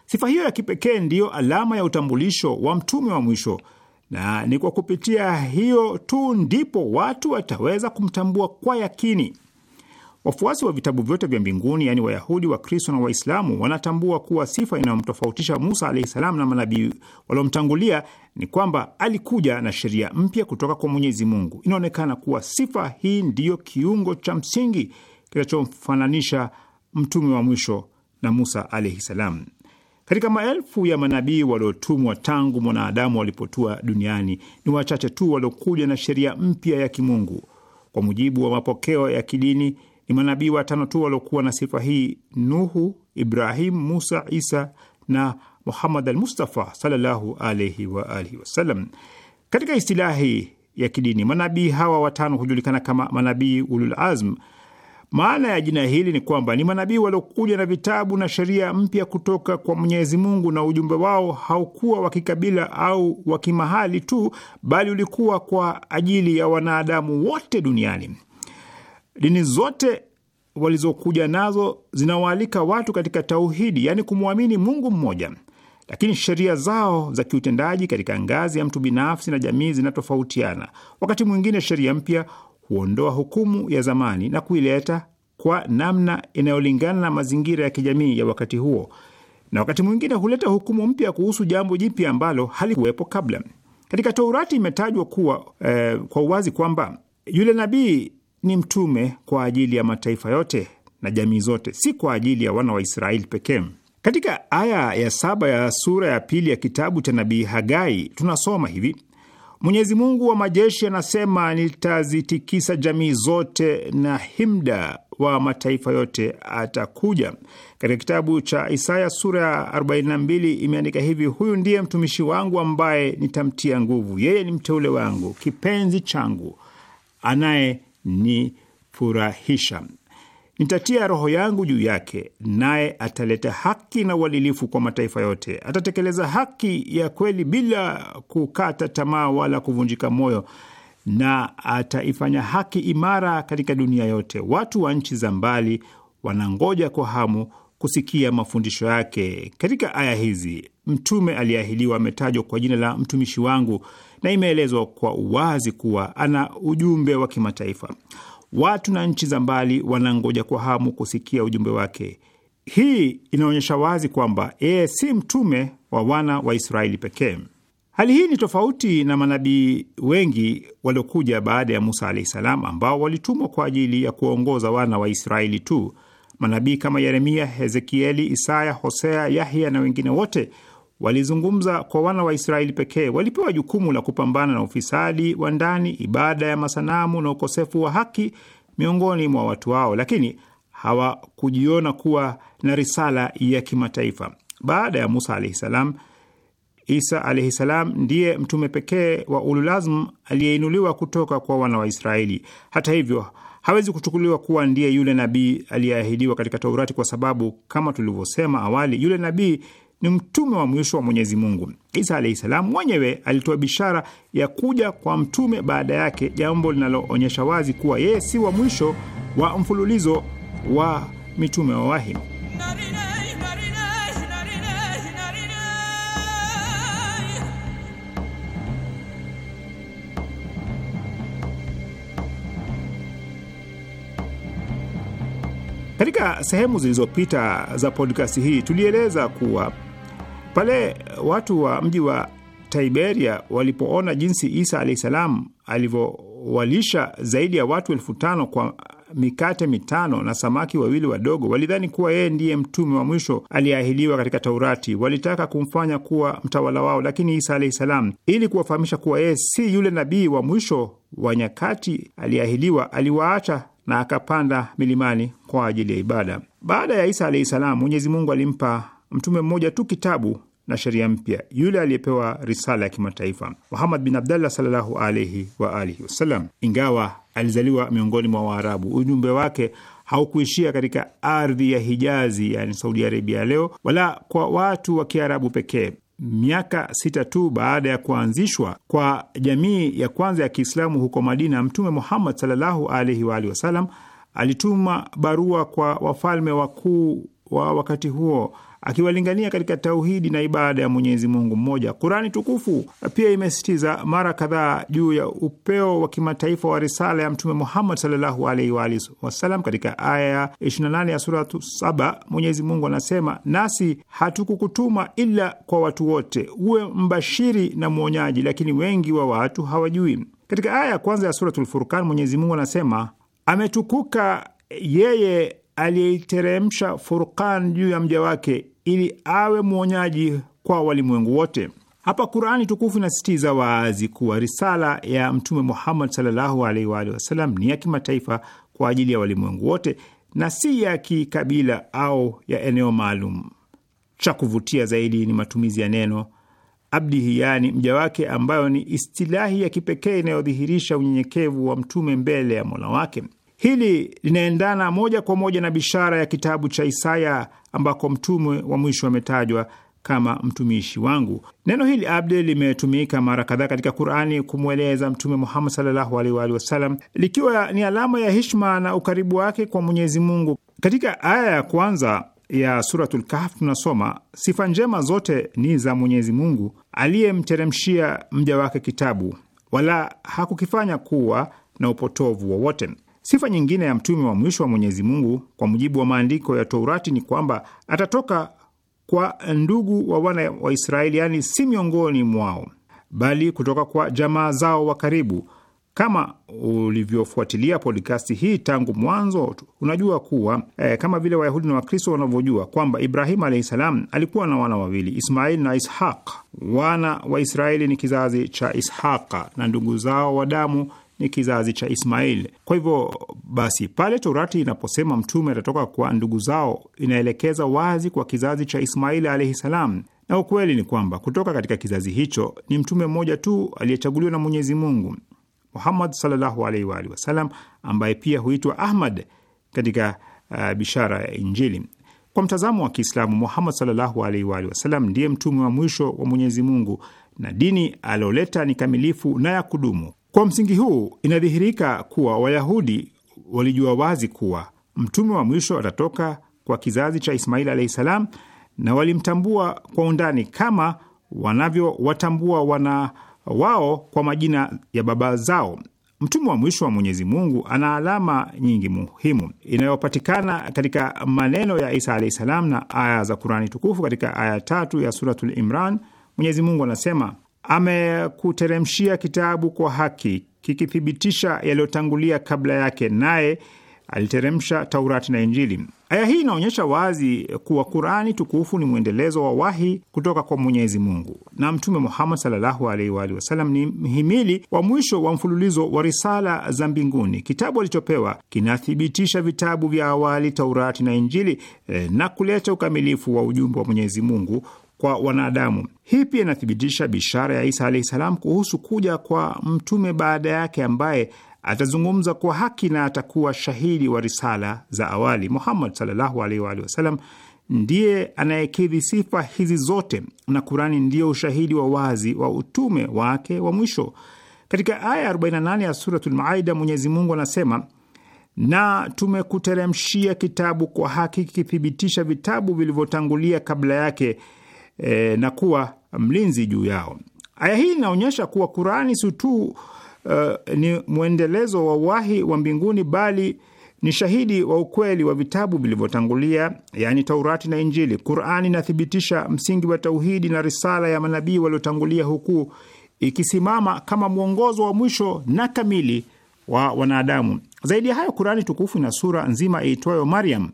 Sifa hiyo ya kipekee ndiyo alama ya utambulisho wa mtume wa mwisho, na ni kwa kupitia hiyo tu ndipo watu wataweza kumtambua kwa yakini. Wafuasi wa vitabu vyote vya mbinguni, yaani Wayahudi, Wakristo na Waislamu, wanatambua kuwa sifa inayomtofautisha Musa alahi salam na manabii waliomtangulia ni kwamba alikuja na sheria mpya kutoka kwa Mwenyezi Mungu. Inaonekana kuwa sifa hii ndiyo kiungo cha msingi kinachomfananisha mtume wa mwisho na Musa alaihi salam. Katika maelfu ya manabii waliotumwa tangu mwanadamu walipotua duniani, ni wachache tu waliokuja na sheria mpya ya kimungu. Kwa mujibu wa mapokeo ya kidini ni manabii watano tu waliokuwa na sifa hii: Nuhu, Ibrahim, Musa, Isa na Muhammad al-Mustafa sallallahu alayhi wa alihi wasallam. Katika istilahi ya kidini, manabii hawa watano hujulikana kama manabii ulul azm. Maana ya jina hili ni kwamba ni manabii waliokuja na vitabu na sheria mpya kutoka kwa Mwenyezi Mungu, na ujumbe wao haukuwa wa kikabila au wa kimahali tu, bali ulikuwa kwa ajili ya wanadamu wote duniani. Dini zote walizokuja nazo zinawaalika watu katika tauhidi, yaani kumwamini Mungu mmoja, lakini sheria zao za kiutendaji katika ngazi ya mtu binafsi na jamii zinatofautiana. Wakati mwingine sheria mpya huondoa hukumu ya zamani na kuileta kwa namna inayolingana na mazingira ya kijamii ya wakati huo, na wakati mwingine huleta hukumu mpya kuhusu jambo jipya ambalo halikuwepo kabla. Katika Taurati imetajwa kuwa eh, kwa uwazi kwamba yule nabii ni mtume kwa ajili ya mataifa yote na jamii zote, si kwa ajili ya wana wa Israeli pekee. Katika aya ya saba ya sura ya pili ya kitabu cha nabii Hagai tunasoma hivi: Mwenyezi Mungu wa majeshi anasema, nitazitikisa jamii zote na himda wa mataifa yote atakuja. Katika kitabu cha Isaya sura ya 42 imeandika hivi, huyu ndiye mtumishi wangu ambaye nitamtia nguvu, yeye ni mteule wangu, kipenzi changu, anaye kunifurahisha. Nitatia roho yangu juu yake, naye ataleta haki na uadilifu kwa mataifa yote. Atatekeleza haki ya kweli bila kukata tamaa wala kuvunjika moyo, na ataifanya haki imara katika dunia yote. Watu wa nchi za mbali wanangoja kwa hamu kusikia mafundisho yake. Katika aya hizi, mtume aliyeahidiwa ametajwa kwa jina la mtumishi wangu na imeelezwa kwa uwazi kuwa ana ujumbe wa kimataifa. Watu na nchi za mbali wanangoja kwa hamu kusikia ujumbe wake. Hii inaonyesha wazi kwamba yeye si mtume wa wana wa Israeli pekee. Hali hii ni tofauti na manabii wengi waliokuja baada ya Musa alahi salam, ambao walitumwa kwa ajili ya kuwaongoza wana wa Israeli tu. Manabii kama Yeremia, Hezekieli, Isaya, Hosea, Yahya na wengine wote walizungumza kwa wana wa Israeli pekee. Walipewa jukumu la kupambana na ufisadi wa ndani, ibada ya masanamu na ukosefu wa haki miongoni mwa watu wao, lakini hawakujiona kuwa na risala ya kimataifa. Baada ya Musa alaihi salam, Isa alaihi salam ndiye mtume pekee wa ululazm aliyeinuliwa kutoka kwa wana wa Israeli. Hata hivyo hawezi kuchukuliwa kuwa ndiye yule nabii aliyeahidiwa katika Taurati, kwa sababu kama tulivyosema awali, yule nabii ni mtume wa mwisho wa Mwenyezi Mungu. Isa alahi salam mwenyewe alitoa bishara ya kuja kwa mtume baada yake, jambo linaloonyesha wazi kuwa yeye si wa mwisho wa mfululizo wa mitume wa wahi. Katika sehemu zilizopita za podkasti hii tulieleza kuwa pale watu wa mji wa Tiberia walipoona jinsi Isa alahi salam alivyowalisha zaidi ya watu elfu tano kwa mikate mitano na samaki wawili wadogo, walidhani kuwa yeye ndiye mtume wa mwisho aliyeahidiwa katika Taurati. Walitaka kumfanya kuwa mtawala wao, lakini Isa alahi salam, ili kuwafahamisha kuwa yeye si yule nabii wa mwisho wa nyakati aliyeahidiwa, aliwaacha na akapanda milimani kwa ajili ya ibada. Baada ya Isa alahi salam, Mwenyezi Mungu alimpa mtume mmoja tu kitabu na sheria mpya yule aliyepewa risala ya kimataifa Muhammad bin Abdallah sallallahu alaihi wa alihi wasallam. Ingawa alizaliwa miongoni mwa Waarabu, ujumbe wake haukuishia katika ardhi ya Hijazi, yani Saudi Arabia leo, wala kwa watu wa Kiarabu pekee. Miaka sita tu baada ya kuanzishwa kwa jamii ya kwanza ya Kiislamu huko Madina, Mtume Muhammad sallallahu alaihi wa alihi wasallam alituma barua kwa wafalme wakuu wa wakati huo akiwalingania katika tauhidi na ibada ya Mwenyezi Mungu mmoja. Kurani tukufu pia imesisitiza mara kadhaa juu ya upeo wa kimataifa wa risala ya Mtume Muhammad sallallahu alaihi wa alihi wasallam. Katika aya ya 28 ya sura 7 Mwenyezi Mungu anasema, nasi hatukukutuma ila kwa watu wote, uwe mbashiri na mwonyaji, lakini wengi wa watu hawajui. Katika aya ya kwanza ya Suratul Furqan Mwenyezi Mungu anasema, ametukuka yeye aliyeiteremsha Furqan juu ya mja wake ili awe mwonyaji kwa walimwengu wote. Hapa Qurani tukufu inasisitiza wazi kuwa risala ya Mtume Muhammad sallallahu alaihi wa alihi wasallam ni ya kimataifa kwa ajili ya walimwengu wote na si ya kikabila au ya eneo maalum. Cha kuvutia zaidi ni matumizi ya neno abdihi, yaani mja wake, ambayo ni istilahi ya kipekee inayodhihirisha unyenyekevu wa mtume mbele ya mola wake. Hili linaendana moja kwa moja na bishara ya kitabu cha Isaya ambako mtume wa mwisho ametajwa kama mtumishi wangu. Neno hili abdi limetumika mara kadhaa katika Qurani kumweleza Mtume Muhammad sallallahu alaihi wa likiwa ni alama ya hishma na ukaribu wake kwa Mwenyezi Mungu. Katika aya ya kwanza ya Suratul Kahf tunasoma, sifa njema zote ni za Mwenyezi Mungu aliyemteremshia mja wake kitabu, wala hakukifanya kuwa na upotovu wowote. Sifa nyingine ya mtume wa mwisho wa Mwenyezi Mungu kwa mujibu wa maandiko ya Taurati ni kwamba atatoka kwa ndugu wa wana wa Israeli, yaani si miongoni mwao, bali kutoka kwa jamaa zao wa karibu. Kama ulivyofuatilia podkasti hii tangu mwanzo, unajua kuwa eh, kama vile Wayahudi na Wakristo wanavyojua kwamba Ibrahimu alahi salam alikuwa na wana wawili, Ismail na Ishaq. Wana wa Israeli ni kizazi cha Ishaqa na ndugu zao wa damu ni kizazi cha Ismail. Kwa hivyo basi, pale Torati inaposema mtume atatoka kwa ndugu zao, inaelekeza wazi kwa kizazi cha Ismail alaihi salam, na ukweli ni kwamba kutoka katika kizazi hicho ni mtume mmoja tu aliyechaguliwa na Mwenyezi Mungu, Muhammad sallallahu alaihi wa alihi wasallam, ambaye pia huitwa Ahmad katika uh, bishara ya Injili. Kwa mtazamo wa Kiislamu, Muhammad sallallahu alaihi wa alihi wasallam ndiye mtume wa mwisho wa Mwenyezi Mungu na dini alioleta ni kamilifu na ya kudumu. Kwa msingi huu inadhihirika kuwa Wayahudi walijua wazi kuwa mtume wa mwisho atatoka kwa kizazi cha Ismaili alahi salam, na walimtambua kwa undani kama wanavyowatambua wana wao kwa majina ya baba zao. Mtume wa mwisho wa Mwenyezi Mungu ana alama nyingi muhimu inayopatikana katika maneno ya Isa alahi salam na aya za Kurani tukufu. Katika aya tatu ya Suratul Imran, Mwenyezi Mungu anasema amekuteremshia kitabu kwa haki kikithibitisha yaliyotangulia kabla yake, naye aliteremsha Taurati na Injili. Aya hii inaonyesha wazi kuwa Qurani tukufu ni mwendelezo wa wahi kutoka kwa Mwenyezi Mungu, na Mtume Muhammad sallallahu alaihi wa alihi wasallam ni mhimili wa mwisho wa mfululizo wa risala za mbinguni. Kitabu alichopewa kinathibitisha vitabu vya awali, Taurati na Injili, eh, na kuleta ukamilifu wa ujumbe wa Mwenyezi Mungu kwa wanadamu. Hii pia inathibitisha bishara ya Isa alahi salam kuhusu kuja kwa mtume baada yake ambaye atazungumza kwa haki na atakuwa shahidi wa risala za awali. Muhammad sallallahu alaihi wa alihi wasallam ndiye anayekidhi sifa hizi zote na Kurani ndiyo ushahidi wa wazi wa utume wake wa mwisho. Katika aya 48 ya Suratul Maida, Mwenyezi Mungu anasema na tumekuteremshia kitabu kwa haki kikithibitisha vitabu vilivyotangulia kabla yake e, na kuwa mlinzi juu yao. Aya hii inaonyesha kuwa Qurani si tu uh, ni mwendelezo wa wahi wa mbinguni, bali ni shahidi wa ukweli wa vitabu vilivyotangulia, yaani Taurati na Injili. Qurani inathibitisha msingi wa tauhidi na risala ya manabii waliotangulia, huku ikisimama kama mwongozo wa mwisho na kamili wa wanadamu. Zaidi ya hayo, Qurani tukufu ina sura nzima iitwayo Mariam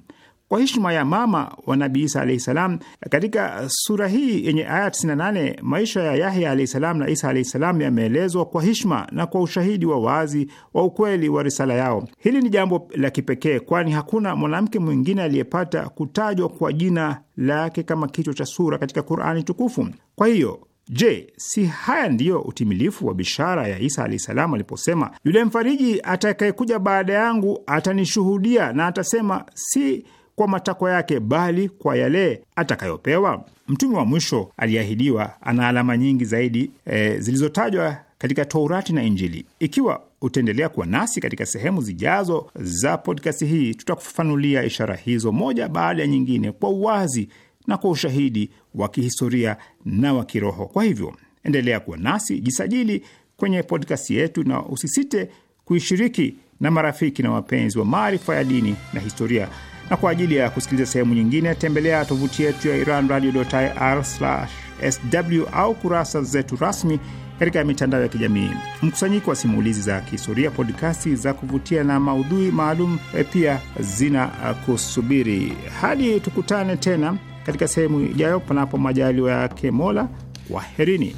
kwa heshima ya mama wa Nabii Isa alahi salam. Katika sura hii yenye aya 98 maisha ya Yahya alahi salam na Isa alahi salam yameelezwa kwa heshima na kwa ushahidi wa wazi wa ukweli wa risala yao. Hili ni jambo la kipekee, kwani hakuna mwanamke mwingine aliyepata kutajwa kwa jina lake kama kichwa cha sura katika Qurani tukufu. Kwa hiyo Je, si haya ndiyo utimilifu wa bishara ya Isa alahi salam aliposema, yule mfariji atakayekuja baada yangu atanishuhudia na atasema si kwa matakwa yake, bali kwa yale atakayopewa. Mtume wa mwisho aliyeahidiwa ana alama nyingi zaidi e, zilizotajwa katika Taurati na Injili. Ikiwa utaendelea kuwa nasi katika sehemu zijazo za podkasti hii, tutakufafanulia ishara hizo moja baada ya nyingine kwa uwazi na kwa ushahidi wa kihistoria na wa kiroho. Kwa hivyo endelea kuwa nasi, jisajili kwenye podkasti yetu na usisite kuishiriki na marafiki na wapenzi wa maarifa ya dini na historia na kwa ajili ya kusikiliza sehemu nyingine tembelea tovuti yetu ya iranradio.ir/sw au kurasa zetu rasmi katika mitandao ya kijamii. Mkusanyiko wa simulizi za kihistoria, podkasti za kuvutia na maudhui maalum e, pia zina e, kusubiri. Hadi tukutane tena katika sehemu ijayo, panapo majaliwa yake Mola. Kwaherini.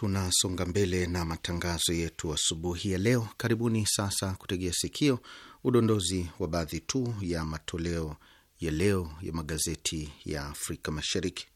Tunasonga mbele na matangazo yetu asubuhi ya leo. Karibuni sasa kutegea sikio udondozi wa baadhi tu ya matoleo ya leo ya magazeti ya Afrika Mashariki.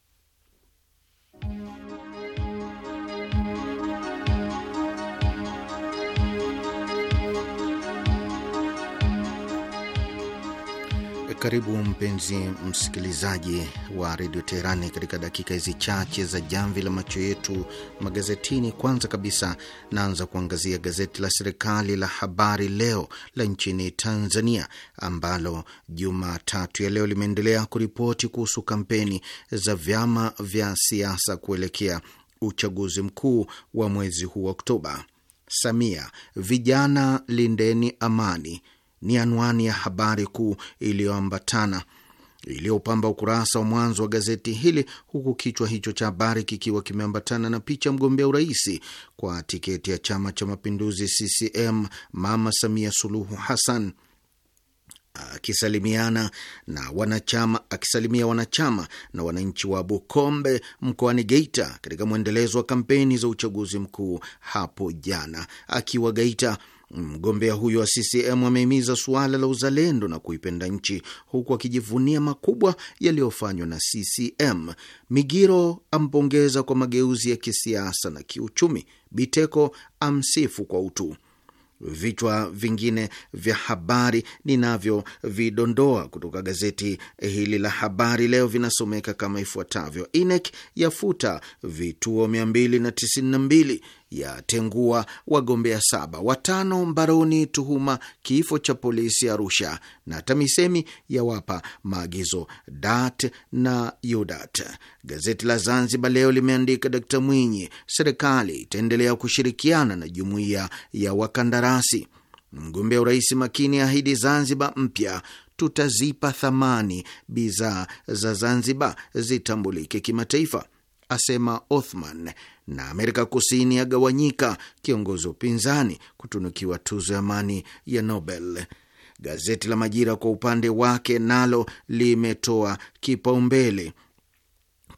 Karibu mpenzi msikilizaji wa redio Teherani katika dakika hizi chache za jamvi la macho yetu magazetini. Kwanza kabisa, naanza kuangazia gazeti la serikali la Habari Leo la nchini Tanzania, ambalo Jumatatu ya leo limeendelea kuripoti kuhusu kampeni za vyama vya siasa kuelekea uchaguzi mkuu wa mwezi huu wa Oktoba. Samia: vijana lindeni amani ni anwani ya habari kuu iliyoambatana iliyopamba ukurasa wa mwanzo wa gazeti hili, huku kichwa hicho cha habari kikiwa kimeambatana na picha mgombea urais kwa tiketi ya chama cha mapinduzi CCM, Mama Samia Suluhu Hassan akisalimiana na wanachama akisalimia wanachama na wananchi wa Bukombe mkoani Geita katika mwendelezo wa kampeni za uchaguzi mkuu hapo jana akiwa Geita. Mgombea huyo wa CCM amehimiza suala la uzalendo na kuipenda nchi huku akijivunia makubwa yaliyofanywa na CCM. Migiro ampongeza kwa mageuzi ya kisiasa na kiuchumi. Biteko amsifu kwa utu. Vichwa vingine vya habari ninavyovidondoa kutoka gazeti hili la Habari Leo vinasomeka kama ifuatavyo: INEC yafuta vituo 292 yatengua wagombea saba, watano mbaroni tuhuma kifo cha polisi Arusha, na TAMISEMI yawapa maagizo DAT na UDAT. Gazeti la Zanzibar Leo limeandika Dkt Mwinyi, serikali itaendelea kushirikiana na jumuiya ya wakandarasi. Mgombea urais Makini ahidi Zanzibar mpya tutazipa thamani bidhaa za Zanzibar zitambulike kimataifa asema Othman, na Amerika Kusini yagawanyika, kiongozi wa upinzani kutunukiwa tuzo ya amani ya Nobel. Gazeti la Majira kwa upande wake nalo limetoa kipaumbele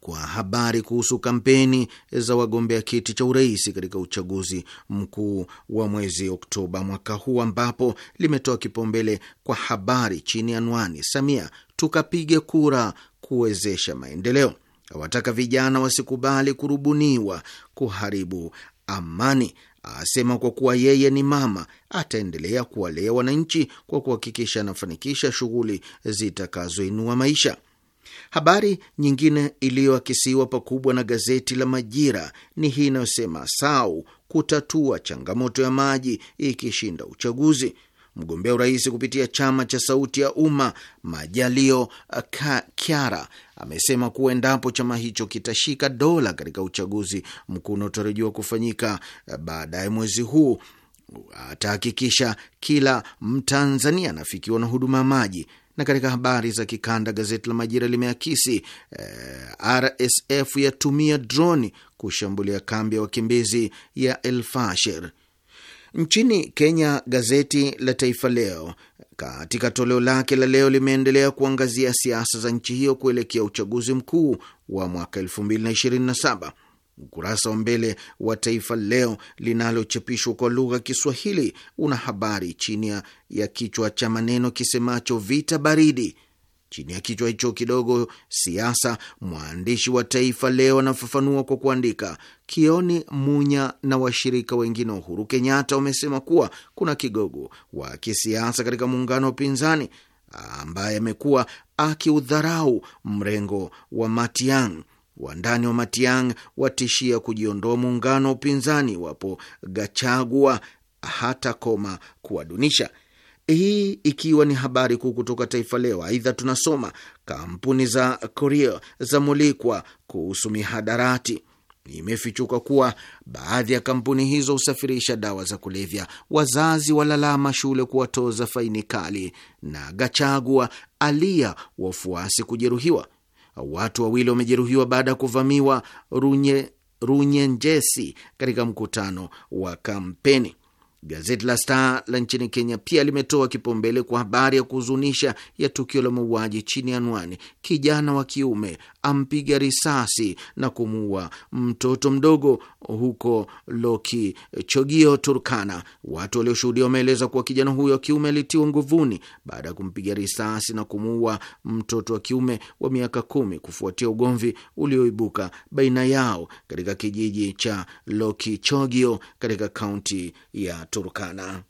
kwa habari kuhusu kampeni za wagombea kiti cha urais katika uchaguzi mkuu wa mwezi Oktoba mwaka huu, ambapo limetoa kipaumbele kwa habari chini ya anwani Samia tukapige kura kuwezesha maendeleo awataka vijana wasikubali kurubuniwa kuharibu amani. Asema kwa kuwa yeye ni mama, ataendelea kuwalea wananchi kwa kuhakikisha anafanikisha shughuli zitakazoinua maisha. Habari nyingine iliyoakisiwa pakubwa na gazeti la Majira ni hii inayosema SAU kutatua changamoto ya maji ikishinda uchaguzi. Mgombea urais kupitia chama cha Sauti ya Umma Majalio Kyara amesema kuwa endapo chama hicho kitashika dola katika uchaguzi mkuu unaotarajiwa kufanyika eh, baadaye mwezi huu atahakikisha kila Mtanzania anafikiwa na huduma ya maji. Na katika habari za kikanda, gazeti la Majira limeakisi eh, RSF yatumia droni kushambulia kambi ya wakimbizi ya El Fasher. Nchini Kenya, gazeti la Taifa Leo katika toleo lake la leo limeendelea kuangazia siasa za nchi hiyo kuelekea uchaguzi mkuu wa mwaka 2027. Ukurasa wa mbele wa Taifa Leo linalochapishwa kwa lugha ya Kiswahili una habari chini ya kichwa cha maneno kisemacho vita baridi Chini ya kichwa hicho kidogo siasa, mwandishi wa Taifa Leo anafafanua kwa kuandika, Kioni Munya na washirika wengine wa Uhuru Kenyatta wamesema kuwa kuna kigogo wa kisiasa katika muungano wa upinzani ambaye amekuwa akiudharau mrengo wa Matiang. Wandani wa Matiang watishia kujiondoa muungano wa upinzani iwapo Gachagua hatakoma kuwadunisha hii ikiwa ni habari kuu kutoka Taifa Leo. Aidha, tunasoma kampuni za Korea zamulikwa kuhusu mihadarati. Imefichuka kuwa baadhi ya kampuni hizo husafirisha dawa za kulevya. Wazazi walalama shule kuwatoza faini kali, na Gachagua alia wafuasi kujeruhiwa. Watu wawili wamejeruhiwa baada ya kuvamiwa Runyenjesi runye katika mkutano wa kampeni. Gazeti la Star la nchini Kenya pia limetoa kipaumbele kwa habari ya kuhuzunisha ya tukio la mauaji chini ya anwani kijana wa kiume ampiga risasi na kumuua mtoto mdogo huko Lokichogio, Turkana. Watu walioshuhudia wameeleza kuwa kijana huyo wa kiume alitiwa nguvuni baada ya kumpiga risasi na kumuua mtoto wa kiume wa miaka kumi kufuatia ugomvi ulioibuka baina yao katika kijiji cha Lokichogio katika kaunti ya Turkana.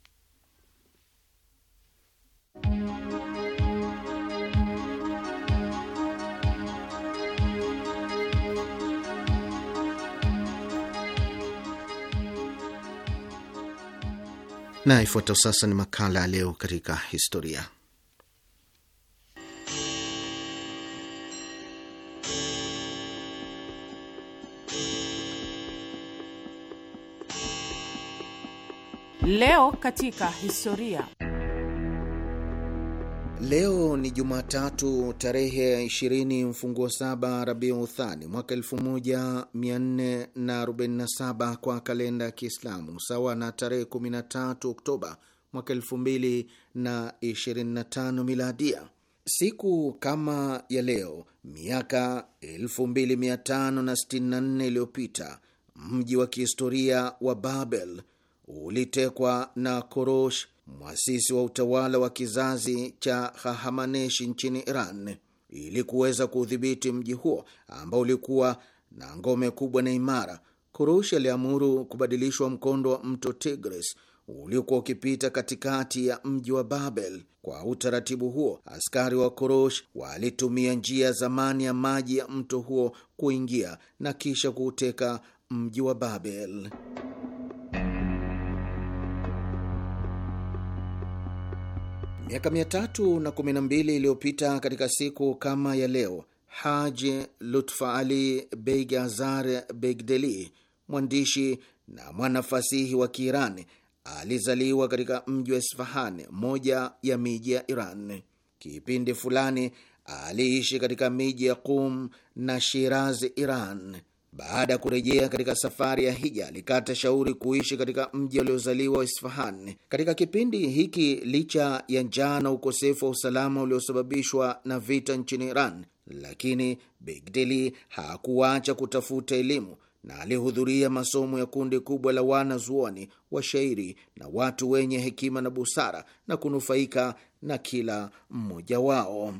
na ifuatayo sasa ni makala ya leo katika historia. Leo katika historia. Leo ni Jumatatu tarehe 20 mfunguo saba Rabiu Uthani mwaka 1447 kwa kalenda ya Kiislamu, sawa na tarehe 13 Oktoba mwaka 2025 miladia. Siku kama ya leo miaka 2564 iliyopita mji wa kihistoria wa Babel ulitekwa na Korosh mwasisi wa utawala wa kizazi cha Hahamaneshi nchini Iran, ili kuweza kuudhibiti mji huo ambao ulikuwa na ngome kubwa na imara. Kurush aliamuru kubadilishwa mkondo wa mto Tigris uliokuwa ukipita katikati ya mji wa Babel. Kwa utaratibu huo, askari wa Kurush walitumia njia ya zamani ya maji ya mto huo kuingia na kisha kuuteka mji wa Babel. Miaka mia tatu na kumi na mbili iliyopita katika siku kama ya leo, Haji Lutfa Ali Beig Azar Begdeli, mwandishi na mwanafasihi wa Kiirani, alizaliwa katika mji wa Isfahan, moja ya miji ya Iran. Kipindi fulani aliishi katika miji ya Qum na Shiraz, Iran. Baada ya kurejea katika safari ya hija, alikata shauri kuishi katika mji aliozaliwa Isfahan. Katika kipindi hiki, licha ya njaa na ukosefu wa usalama uliosababishwa na vita nchini Iran, lakini Bigdili hakuacha kutafuta elimu na alihudhuria masomo ya kundi kubwa la wanazuoni, washairi na watu wenye hekima na busara na kunufaika na kila mmoja wao.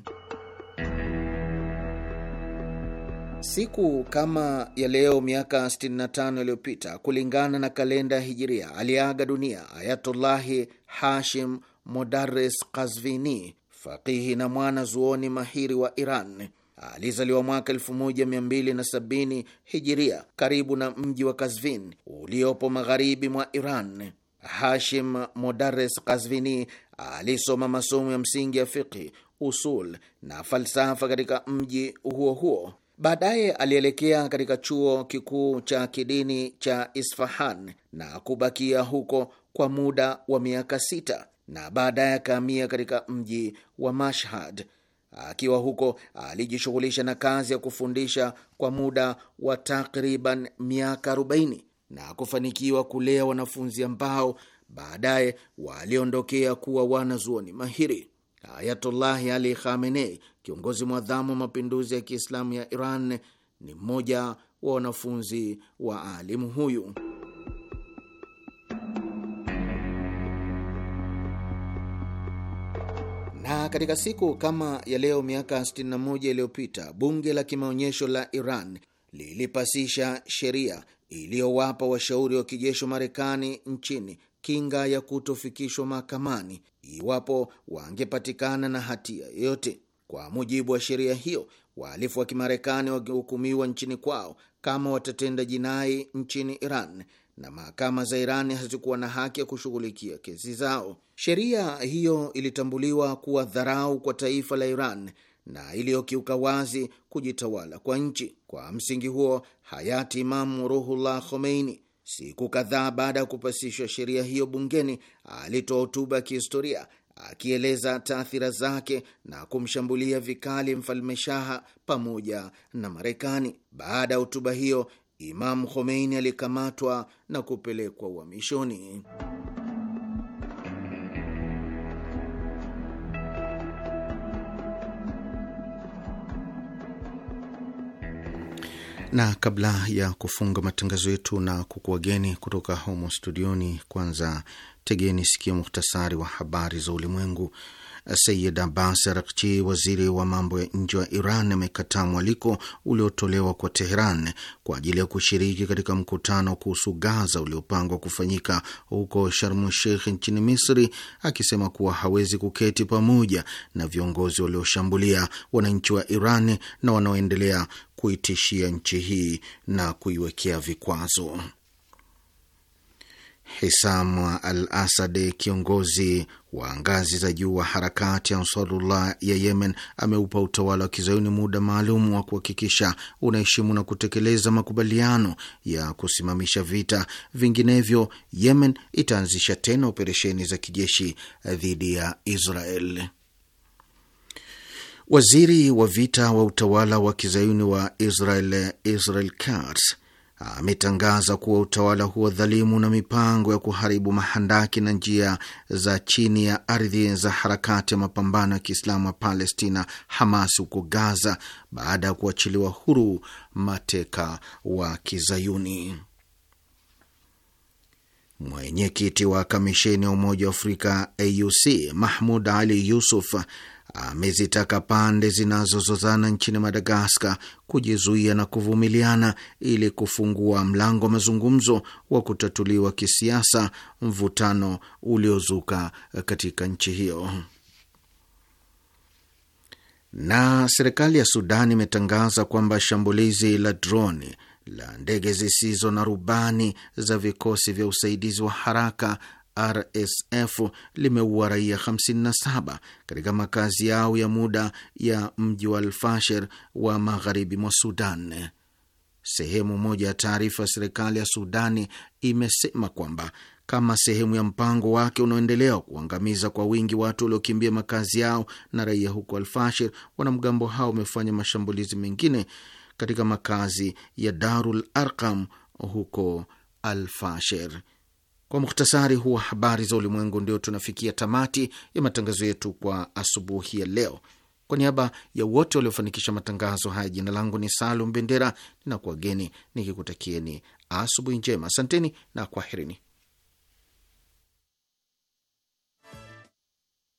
Siku kama ya leo miaka 65 iliyopita kulingana na kalenda Hijiria, aliaga dunia Ayatullahi Hashim Modares Kazvini, fakihi na mwana zuoni mahiri wa Iran. Alizaliwa mwaka 1270 Hijiria karibu na mji wa Kazvin uliopo magharibi mwa Iran. Hashim Modares Kazvini alisoma masomo ya msingi ya fiqhi, usul na falsafa katika mji huo huo. Baadaye alielekea katika chuo kikuu cha kidini cha Isfahan na kubakia huko kwa muda wa miaka sita na baadaye akahamia katika mji wa Mashhad. Akiwa huko alijishughulisha na kazi ya kufundisha kwa muda wa takriban miaka 40 na kufanikiwa kulea wanafunzi ambao baadaye waliondokea kuwa wanazuoni mahiri. Ayatullahi Ali Khamenei, kiongozi mwadhamu wa mapinduzi ya Kiislamu ya Iran, ni mmoja wa wanafunzi wa alimu huyu. Na katika siku kama ya leo miaka 61 iliyopita bunge la kimaonyesho la Iran lilipasisha sheria iliyowapa washauri wa kijeshi wa Marekani nchini kinga ya kutofikishwa mahakamani iwapo wangepatikana na hatia yoyote. Kwa mujibu wa sheria hiyo, wahalifu wa Kimarekani wangehukumiwa nchini kwao kama watatenda jinai nchini Iran, na mahakama za Irani hazikuwa na haki ya kushughulikia kesi zao. Sheria hiyo ilitambuliwa kuwa dharau kwa taifa la Iran na iliyokiuka wazi kujitawala kwa nchi. Kwa msingi huo, hayati Imamu Ruhullah Khomeini Siku kadhaa baada ya kupasishwa sheria hiyo bungeni, alitoa hotuba ya kihistoria akieleza taathira zake na kumshambulia vikali mfalme Shaha pamoja na Marekani. Baada ya hotuba hiyo, Imamu Khomeini alikamatwa na kupelekwa uhamishoni. na kabla ya kufunga matangazo yetu na kukuwageni kutoka humo studioni, kwanza tegeni sikia muhtasari wa habari za ulimwengu. Sayid Abbas Arakchi, waziri wa mambo ya nje wa Iran, amekataa mwaliko uliotolewa kwa Teheran kwa ajili ya kushiriki katika mkutano kuhusu Gaza uliopangwa kufanyika huko Sharmu Sheikh nchini Misri, akisema kuwa hawezi kuketi pamoja na viongozi walioshambulia wananchi wa Iran na wanaoendelea kuitishia nchi hii na kuiwekea vikwazo. Hisam al Asad, kiongozi wa ngazi za juu wa harakati ya Ansarullah ya Yemen, ameupa utawala wa kizayuni muda maalum wa kuhakikisha unaheshimu na kutekeleza makubaliano ya kusimamisha vita, vinginevyo Yemen itaanzisha tena operesheni za kijeshi dhidi ya Israel. Waziri wa vita wa utawala wa kizayuni wa Israel, Israel Katz, ametangaza kuwa utawala huo dhalimu na mipango ya kuharibu mahandaki na njia za chini ya ardhi za harakati ya mapambano ya Kiislamu ya Palestina, Hamas, huko Gaza baada ya kuachiliwa huru mateka wa kizayuni. Mwenyekiti wa kamisheni ya Umoja wa Afrika, AUC, Mahmud Ali Yusuf amezitaka pande zinazozozana nchini Madagaskar kujizuia na kuvumiliana ili kufungua mlango wa mazungumzo wa kutatuliwa kisiasa mvutano uliozuka katika nchi hiyo. Na serikali ya Sudan imetangaza kwamba shambulizi la droni la ndege zisizo na rubani za vikosi vya usaidizi wa haraka RSF limeua raia 57 katika makazi yao ya muda ya mji wa Alfasher wa magharibi mwa Sudan. Sehemu moja ya taarifa ya serikali ya Sudani imesema kwamba kama sehemu ya mpango wake unaoendelea kuangamiza kwa wingi watu waliokimbia makazi yao na raia huko Alfashir, wanamgambo hao wamefanya mashambulizi mengine katika makazi ya Darul Arqam huko Alfashir. Kwa muhtasari huu wa habari za ulimwengu, ndio tunafikia tamati ya matangazo yetu kwa asubuhi ya leo. Kwa niaba ya wote waliofanikisha matangazo haya, jina langu ni Salum Bendera, ninakuageni nikikutakieni asubuhi njema. Asanteni na kwaherini.